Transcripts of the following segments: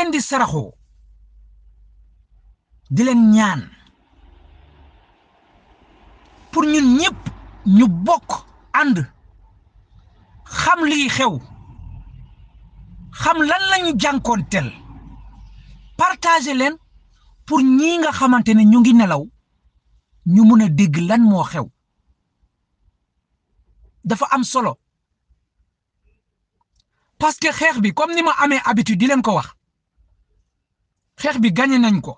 leen di saraxoo di leen ñaan pour ñun ñëpp ñu bokk ànd xam li xew xam lan lañu jànkoonteel partager leen pour ñi nga xamante ne ñu ngi nelaw ñu mun a dégg lan moo xew dafa am solo parce que xeex bi comme ni ma amee habitude di leen ko wax xeex bi gañe nañ ko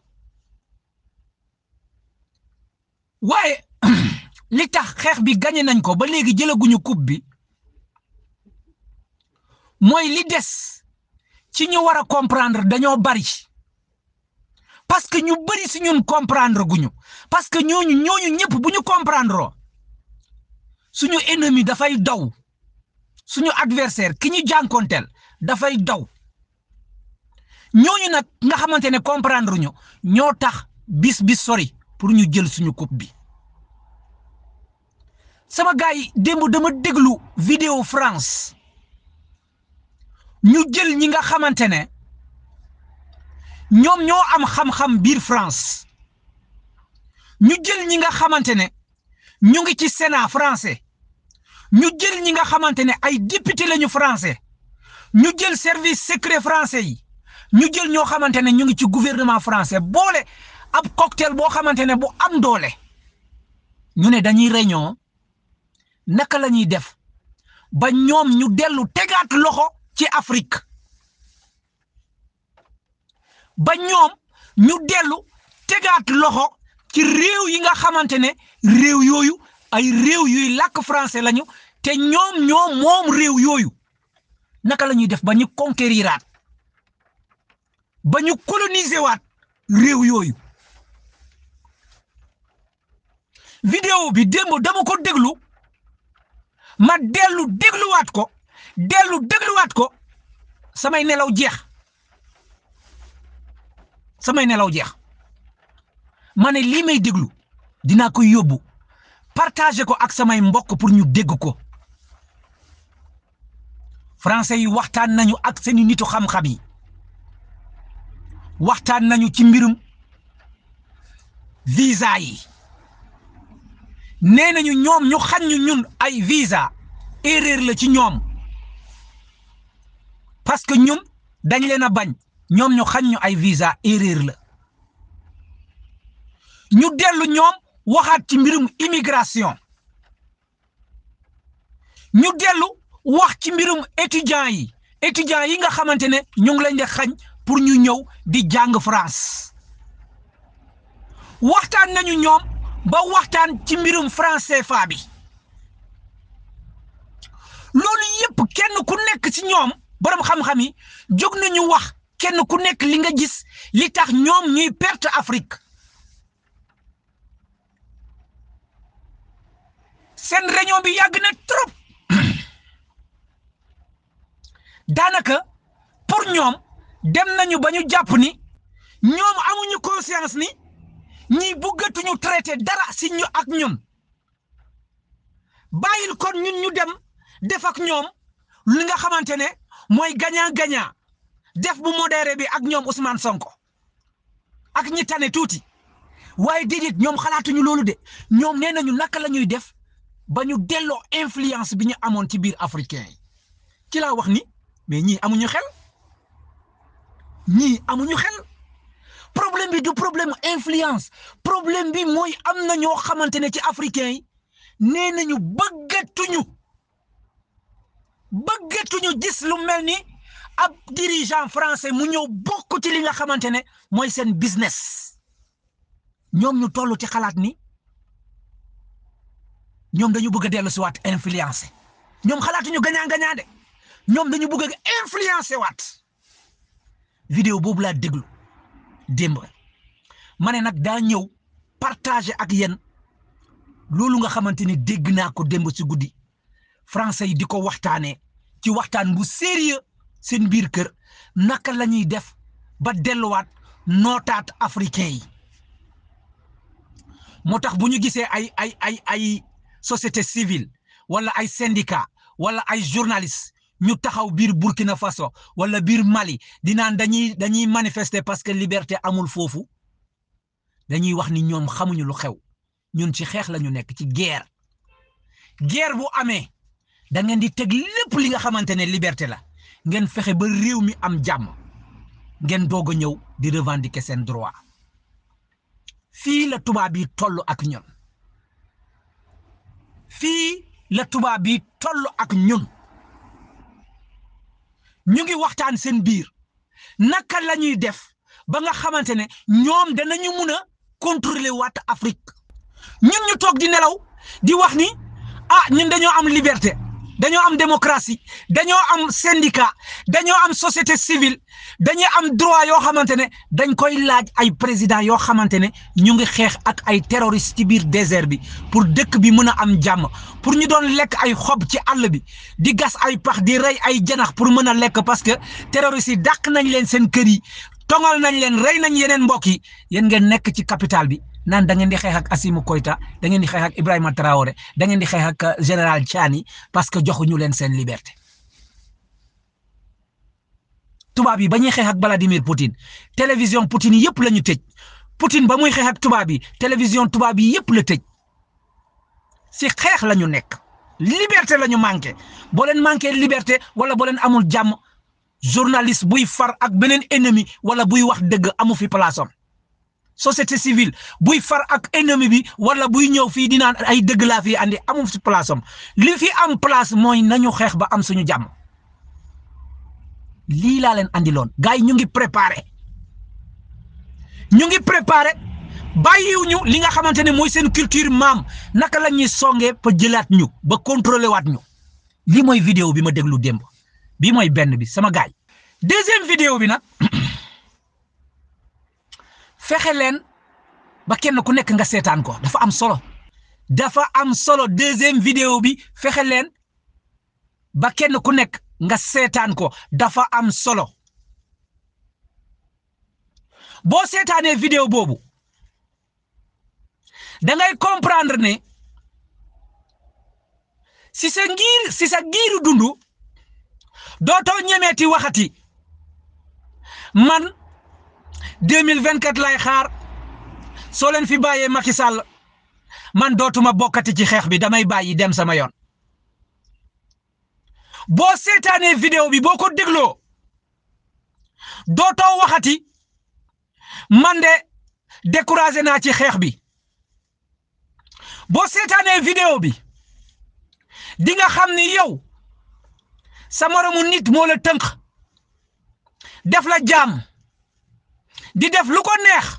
waaye li tax xeex bi gañe nañ ko ba léegi jëlaguñu kub bi mooy li des ci ñu war a comprendre dañoo bari parce que ñu bari si ñun comprendre guñu parce que ñooñu ñooñu ñëpp bu ñu comprendre suñu ennemi dafay daw suñu adversaire ki ñu jànkonteel dafay daw ñooñu nag nga xamante ne comprendre ñu ñoo tax bis bis sori pour ñu jël suñu coupe bi sama gars yi démb dama déglu vidéo France ñu jël ñi nga xamante ne ñoom ñoo am xam-xam biir France ñu jël ñi nga xamante ne ñu ngi ci Sénat français ñu jël ñi nga xamante ne ay député lañu français ñu jël service secret français yi ñu jël ñoo xamante ne ñu ngi ci gouvernement français boole ab cocktail boo xamante ne bu am doole ñu ne dañuy réunion naka la ñuy def ba ñoom ñu dellu tegaat loxo ci Afrique ba ñoom ñu dellu tegaat loxo ci réew yi nga xamante ne réew yooyu ay réew yuy làkk français lañu te ñoom ñoom moom réew yooyu naka la ñuy def ba ñu conquériraat ba ñu coloniser waat réew yooyu vidéo bi démb dama ko déglu ma dellu dégluwaat ko dellu dégluwaat ko samay nelaw jeex samay nelaw jeex ma ne lii may déglu dina ko yóbbu partager ko ak samay mbok pour ñu dégg ko français yi waxtaan nañu ak seeni nitu xam yi waxtaan nañu ci mbirum visa yi ne nañu ñoom ñu xañ ñu ñun ay visa erreur la ci ñoom parce que ñun dañ leen a bañ ñoom ñu xañ ñu ay visa erreur la ñu dellu ñoom waxaat ci mbirum immigration ñu dellu wax ci mbirum étudiants yi étudiants yi nga xamante ne ñu ngi leen di xañ pour ñu ñëw di jàng France waxtaan nañu ñoom ba waxtaan ci mbirum franc CFA bi loolu yëpp kenn ku nekk ci ñoom borom xam-xam yi jóg nañu wax kenn ku nekk li nga gis li tax ñoom ñi perte Afrique seen réunion bi yàgg na trop daanaka pour ñoom. dem nañu ba ñu jàpp ni ñoom amuñu conscience ni ñiy buggatuñu traité dara si ñu ak ñun bàyyil kon ñun ñu dem def ak ñoom li nga xamante ne mooy gagnant gagnant def bu modere bi ak ñoom Ousmane Sonko ak ñi tane tuuti waaye déedéet ñoom xalaatuñu loolu de ñoom nee nañu naka la ñuy def ba ñu delloo influence bi ñu amoon ci biir africain yi ci laa wax ni mais ñii amuñu xel. ñii amuñu xel problème bi du problème influence problème bi mooy am na ñoo xamante ne ci africain yi nee nañu bëggatuñu bëggatuñu gis lu mel ni ab dirigeant français mu ñëw bokk ci li nga xamante ne mooy seen business ñoom ñu toll ci xalaat ni ñoom dañu bëgg a dellu si waat influencé ñoom xalaatuñu gañaa gañaa de ñoom dañu bëgg a influencé waat vidéo boobu laa déglu démb ma ne nag daa ñëw partager ak yéen loolu nga xamante ni dégg naa ko démb si guddi français yi di ko waxtaanee ci waxtaan bu sérieux seen biir kër naka la ñuy def ba delluwaat nootaat africain yi moo tax bu ñu gisee ay ay ay ay société civile wala ay syndicat wala ay journaliste ñu taxaw biir Burkina Faso wala biir Mali di naan dañuy dañuy manifester parce que liberté amul foofu dañuy wax ni ñoom xamuñu lu xew ñun ci xeex lañu nekk ci guerre guerre bu amee da ngeen di teg lépp li nga xamante ne liberté la ngeen fexe ba réew mi am jàmm ngeen doog a ñëw di revendiquer seen droit fii la tubaab yi toll ak ñun fii la tubaab yi toll ak ñun. ñu ngi waxtaan seen biir naka la ñuy def ba nga xamante ne ñoom danañu mun a contrôler wat Afrique ñun ñu toog di nelaw di wax ni ah ñun dañoo am liberté. dañoo am démocratie dañoo am syndicat dañoo am société civile dañuy am droit yoo xamante ne dañ koy laaj ay président yoo xamante ne ñu ngi xeex ak ay terroristes ci biir désert bi pour dëkk bi mën a am jàmm pour ñu doon lekk ay xob ci àll bi di gas ay pax di rey ay janax pour mën a lekk parce que terroristes yi dàq nañ leen seen kër yi tongal nañ leen rey nañ yeneen mbokk yi yéen ngeen nekk ci capital bi naan da ngeen di xeex ak Assimi Koita da ngeen di xeex ak Ibrahima Traoré da ngeen di xeex ak euh, général Tiani parce que joxuñu leen seen liberté tubaab yi ba ñuy xeex ak Vladimir Poutine télévision Poutine yëpp la ñu tëj Poutine ba muy xeex ak tubaab yi télévision tubaab yi yëpp la tëj si xeex la ñu nekk liberté la ñu manqué boo leen manqué liberté wala boo leen amul jàmm journaliste buy far ak beneen ennemi wala buy wax dëgg amu fi place société civile buy far ak ennemi bi wala buy ñëw fii dinaan ay dëgg laa fii andi amul si place am li fi am place mooy nañu xeex ba am suñu jàmm lii laa leen andi loon gars yi ñu ngi préparé ñu ngi préparé bàyyiw ñu li nga xamante ne mooy seen culture maam naka la ñuy songee ba jëlaat ñu ba contrôlé waat ñu lii mooy vidéo bi ma déglu démb bi mooy benn bi sama gars yi deuxième bi nag. fexe leen ba kenn ku nekk nga seetaan ko dafa am solo dafa am solo deuxième vidéo bi fexe leen ba kenn ku nekk nga seetaan ko dafa am solo boo seetaanee vidéo boobu da ngay comprendre ne si sa ngir si sa giiru dundu dootoo ñemeeti waxati man. deux mille vingt quatre lay xaar soo leen fi bàyyee Macky Sall man dootuma bokkati ci xeex bi damay bàyyi dem sama yoon boo seetaanee vidéo bi boo ko dégloo dootoo waxati man de découragé naa ci xeex bi boo seetaanee vidéo bi di nga xam ni yow sa moromu nit moo la tënk def la jaam. di def lu ko neex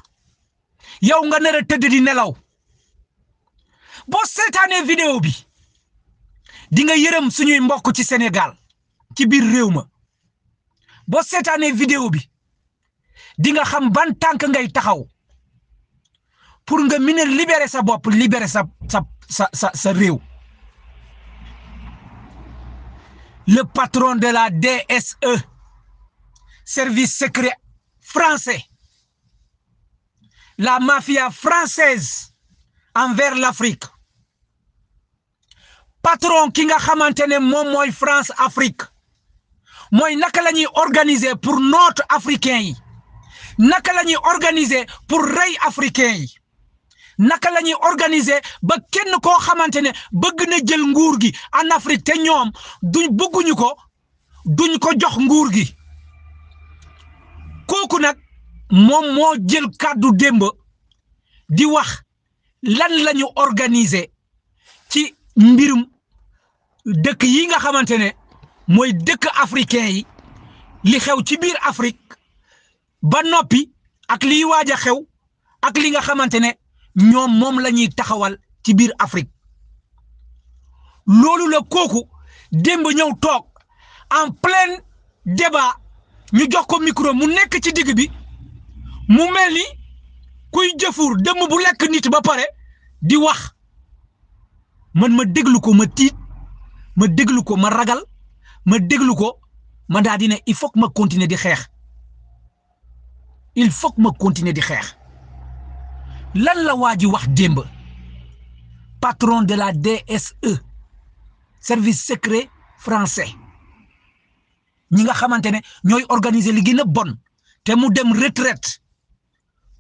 yow nga nar a tëdd nelaw bo seetaanee vidéo bi di nga yërëm suñuy mbokk ci senegal ci biir réew ma boo seetaanee vidéo bi di nga xam ban tànk ngay taxaw pour nga mën libere sa bopp libérer sa sa sa sa sa réew le patron de la DSE service secret français la mafia française envers l'Afrique patron ki nga xamante ne moom mooy France Afrique mooy naka la ñuy organiser pour noot africain yi naka la ñuy organiser pour rey africain yi naka la ñuy organiser ba kenn koo xamante ne bëgg na jël nguur gi en Afrique te ñoom duñ bëgguñu ko duñ ko jox nguur gi kooku nag moom moo jël kàddu démb di wax lan lañu organise ci mbirum dëkk yi nga xamante ne mooy dëkk africain yi li xew ci biir Afrique ba noppi ak liy waaj a xew ak li nga xamante ne ñoom moom la ñuy taxawal ci biir Afrique loolu la kooku démb ñëw toog en plein débat ñu jox ko micro mu nekk ci digg bi. mu mel ni kuy jëfur dem bu lekk nit ba pare di wax man ma déglu ko ma tiit ma déglu ko ma ragal ma déglu ko ma daa di il faut ma continuer di xeex il faut ma continuer di xeex lan la waa ji wax démb patron de la DSE service secret français ñi nga xamante ne ñooy organiser li gën bon te mu dem retraite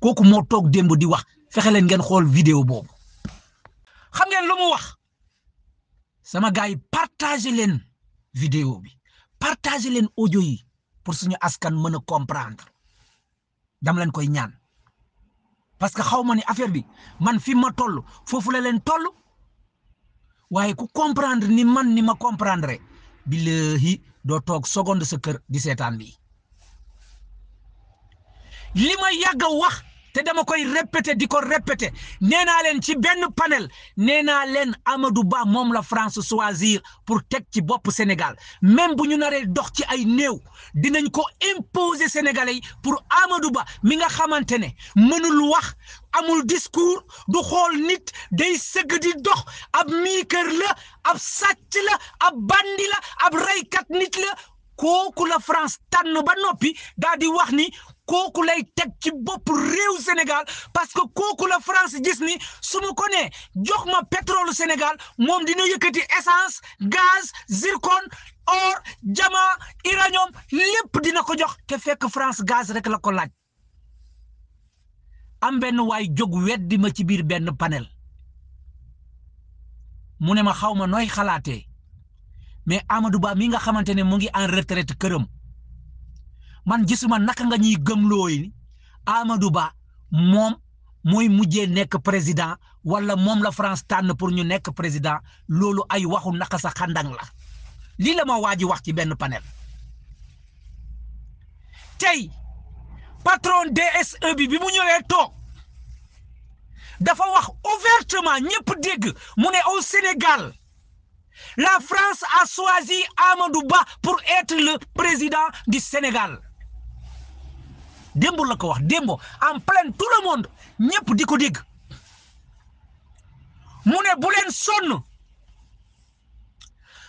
kooku moo toog démb di wax fexe leen ngeen xool vidéo boobu xam ngeen lu wax sama gars yi partagé leen vidéo bi partagé leen audio yi pour suñu askan mën a comprendre dam leen koy ñaan parce que xaw ma ne affaire bi man fi ma toll foofu la leen toll waaye ku comprendre ni man ni ma comprendre billahi doo toog seconde sa kër di seetaan bi li ma yàgg te dama koy répété di ko répété nee naa leen ci benn panel nee naa leen Amadou Ba moom la France soisir pour teg ci bopp Sénégal même bu ñu naree dox ci ay néew dinañ ko imposer Sénégalais pour Amadou Ba mi nga xamante ne mënul wax amul discours du xool nit day sëgg di dox ab miikër la ab sàcc la ab bandi la ab reykat nit la kooku la France tànn ba noppi daal di wax ni kooku lay teg ci bopp réew Sénégal parce que kooku la France gis ni su ma ko nee jox ma pétrole Sénégal moom dina yëkkati essence gaz zircon or diamant uranium lépp dina ko jox te fekk France gaz rekk la ko laaj ambenn waay jóg weddi ma ci biir benn panel mu ne ma xaw ma nooy xalaatee mais Amadou Ba mi nga xamante ne mu ngi en retraite këram. man gisuma naka nga ñuy gëmloo yi du Ba moom mooy mujjee nekk président wala moom la France tànn pour ñu nekk président loolu ay waxu naka sa xandang la lii la ma waa ji wax ci benn panel tey patron DSE bi bi mu ñëwee toog dafa wax ouvertement ñëpp dégg mu ne au Sénégal la France a choisi Amadou Ba pour être le président du Sénégal démb la ko wax démb en plein tout le monde ñëpp di ko dégg mu ne bu sonn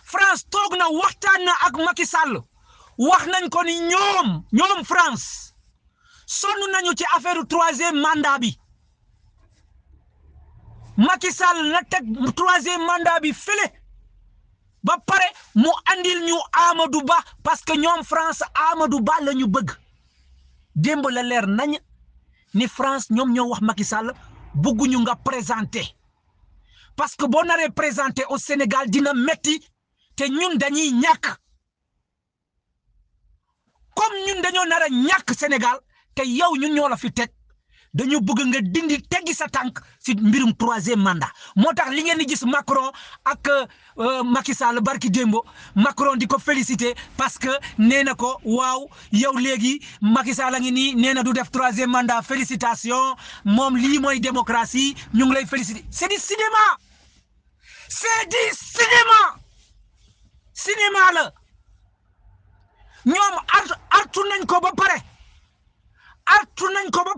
France toog na waxtaan na ak Macky Sall wax nañ ko ni ñoom ñoom France sonn nañu ci affaire troisième mandat bi Macky Sall na teg troisième mandat bi ba pare mu andil ñu Amadou Ba parce que ñoom France Amadou Ba la ñu bëgg. démb la leer nañ ni France ñoom ñoo wax Macky Sall bugguñu nga présenté parce que boo naree présenté au Sénégal dina metti te ñun dañuy ñàkk comme ñun dañoo nar a ñàkk Sénégal te yow ñun ñoo la fi teg dañu bëgg nga dindi teggi sa tànk si mbirum troisième manda moo tax li ngeen di gis Macron ak euh, Macky Sall barki démbo Macron di ko félicité parce que nee na ko waaw yow léegi Macky Sall a nii nee na du def troisième manda félicitation moom lii mooy démocratie ñu ngi lay félicité c'est du cinéma c'est du cinéma cinéma la ñoom artu artu nañ ko ba pare artu nañ ko ba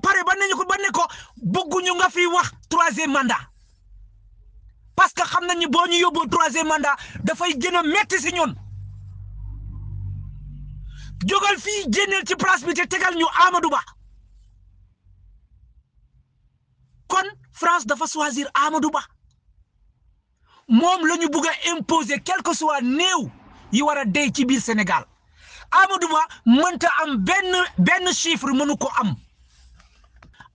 troisième mandat parce que xam nañ ni boo ñu yóbboo troisième mandat dafay gën a metti si ñun jógal fii génneel ci place bi te tegal ñu amadu Ba kon France dafa choisir Amadou Ba moom lañu ñu bugg a imposer quel que néew yi war a dee ci biir Sénégal Amadou Ba mënta am benn benn chiffre mënu ko am.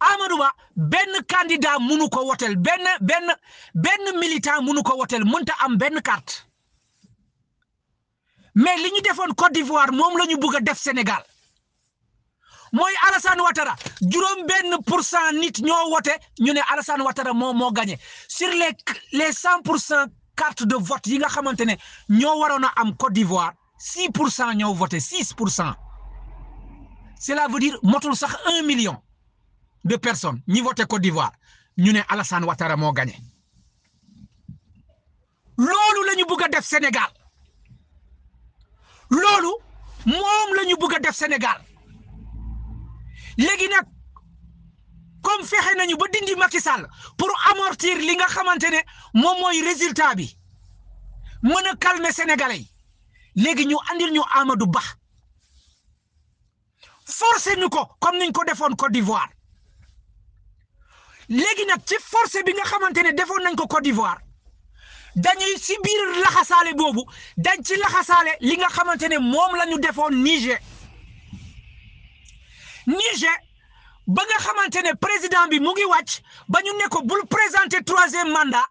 Amadou Ba benn candidat munu ko woteel benn benn benn militant munu ko woteel mënta am benn carte mais li ñu defoon Côte d'Ivoire moom la ñu bëgg a def Sénégal mooy Alassane Ouattara juróom benn pour cent nit ñoo wote ñu ne Alassane Ouattara moom moo gagné sur les les cent pour cent carte de vote yi nga xamante ne ñoo waroon a am Côte d'Ivoire six pour cent ñoo voté six pour cent cela veut dire motul sax un million. de personnes ñi voté Côte d'Ivoire ñu ne Alassane Ouattara moo gagné loolu lañu ñu bugg a def senegal loolu moom la ñu bugg a def senegal léegi nag comme fexe nañu ba dindi Macky Sall pour amortir li nga xamante ne moom mooy résultat bi mën a calmer sénégalais yi léegi ñu andil ñu Amadou Ba forcé ñu ko comme niñ ko defoon Côte d'Ivoire. léegi nag ci forcé bi nga xamante ne defoon nañ ko Côte d'Ivoire dañuy si laxasaale boobu dañ ci laxasaale li nga xamante ne moom la ñu defoon Niger Niger ba nga xamante ne président bi mu ngi wàcc ba ñu ne bul présenter troisième manda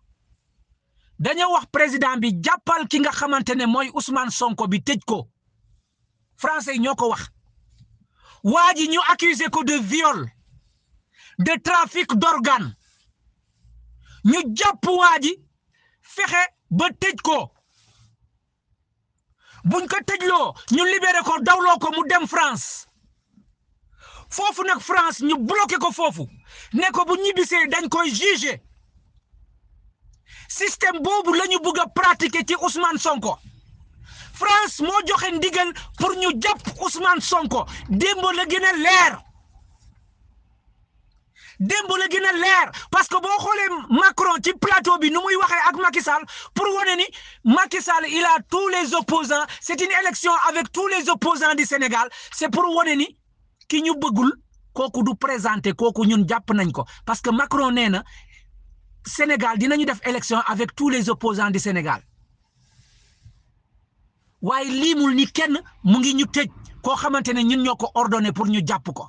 dañoo wax président bi jàppal ki nga xamante ne mooy Ousmane Sonko bi tëj ko français ñoo ko wax waa ji ñu accusé ko de viol de trafic d'organes ñu jàpp ji fexe ba tëj ko buñ ko tëjloo ñu libéré ko dawloo ko mu dem France foofu nag France ñu ko foofu ne ko bu ñibbisee dañ koy jugé système boobu lañu ñu bëgg a pratiquer ci Ousmane Sonko France moo joxe ndigal pour ñu jàpp Ousmane Sonko démb la gën leer. démb la gën a leer parce que boo xoolee Macron ci plateau bi nu muy waxee ak Macky Sall pour wane ni Macky Sall il a tous les opposants c'est une élection avec tous les opposants du Sénégal c'est pour wane ni ki ñu bëggul kooku du présenter kooku ñun jàpp nañ ko parce que Macron nee na Sénégal dinañu def élection avec tous les opposants du Sénégal waaye liimul ni kenn mu ngi ñu tëj koo xamante ne ñun ñoo ko ordonné pour ñu jàpp ko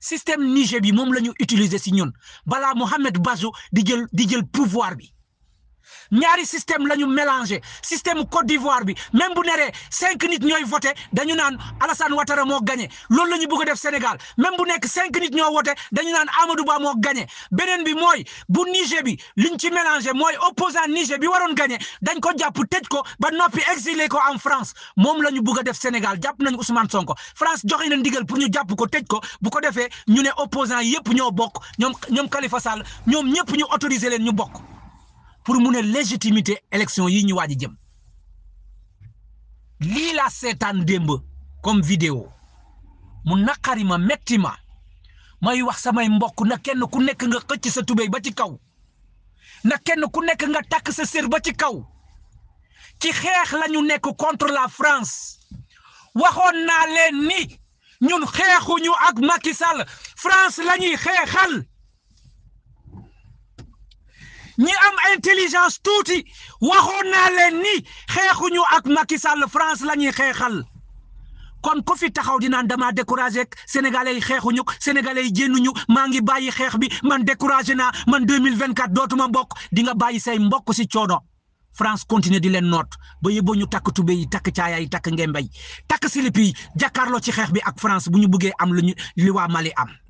système Niger bi moom la ñu utiliser si ñun balaa Mohamed Bazoum di jël di jël pouvoir bi ñaari système la ñu mélangé système Côte d'Ivoire bi même bu neree cinq ñooy voté dañu naan Alassane Ouattara moo gañe loolu la ñu bëgg def Sénégal même bu nekk cinq nit ñoo voté naan Amadou Ba moo gagné beneen bi mooy bu Niger bi liñ ci mélangé mooy oposan Niger bi waroon gagné dañ ko jàpp tëj ko ba noppi exilé ko en France moom la ñu bëgg def Sénégal jàpp nañ Ousmane Sonko France joxe na ndigal pour ñu jàpp ko tëj ko bu ko defee ñu ne opposant yëpp ñoo bokk ñoom ñoom Khalifa Sall ñoom ñëpp ñu autoriser leen ñu bokk pour mu ne légitimité élection yi ñu waaj jëm lii laa seetaan démb comme vidéo mu naqari ma metti ma may wax samay mbokk na kenn ku nekk nga xëcc sa tubéy ba ci kaw na kenn ku nekk nga takk sa sér ba ci kaw ci xeex la ñu nekk contre la France waxoon naa leen ni ñun xeexuñu ak Macky Sall France lañuy ñuy xeexal ñi am intelligence tuuti waxoon naa leen ni xeexuñu ak Macky Sall France la ñuy xeexal kon ko fi taxaw di naan damaa découragé ak sénégalais yi xeexuñu sénégalais yi génnuñu maa ngi bàyyi xeex bi man découragé naa man 2024 dootuma bokk di nga bàyyi say mbokk si coono France continue di leen noot ba yóbboo ñu takk tubé yi takk caaya yi takk ngembay takk silip yi jàkkaarloo ci xeex bi ak France bu ñu bëggee am lu ñu li waa Mali am.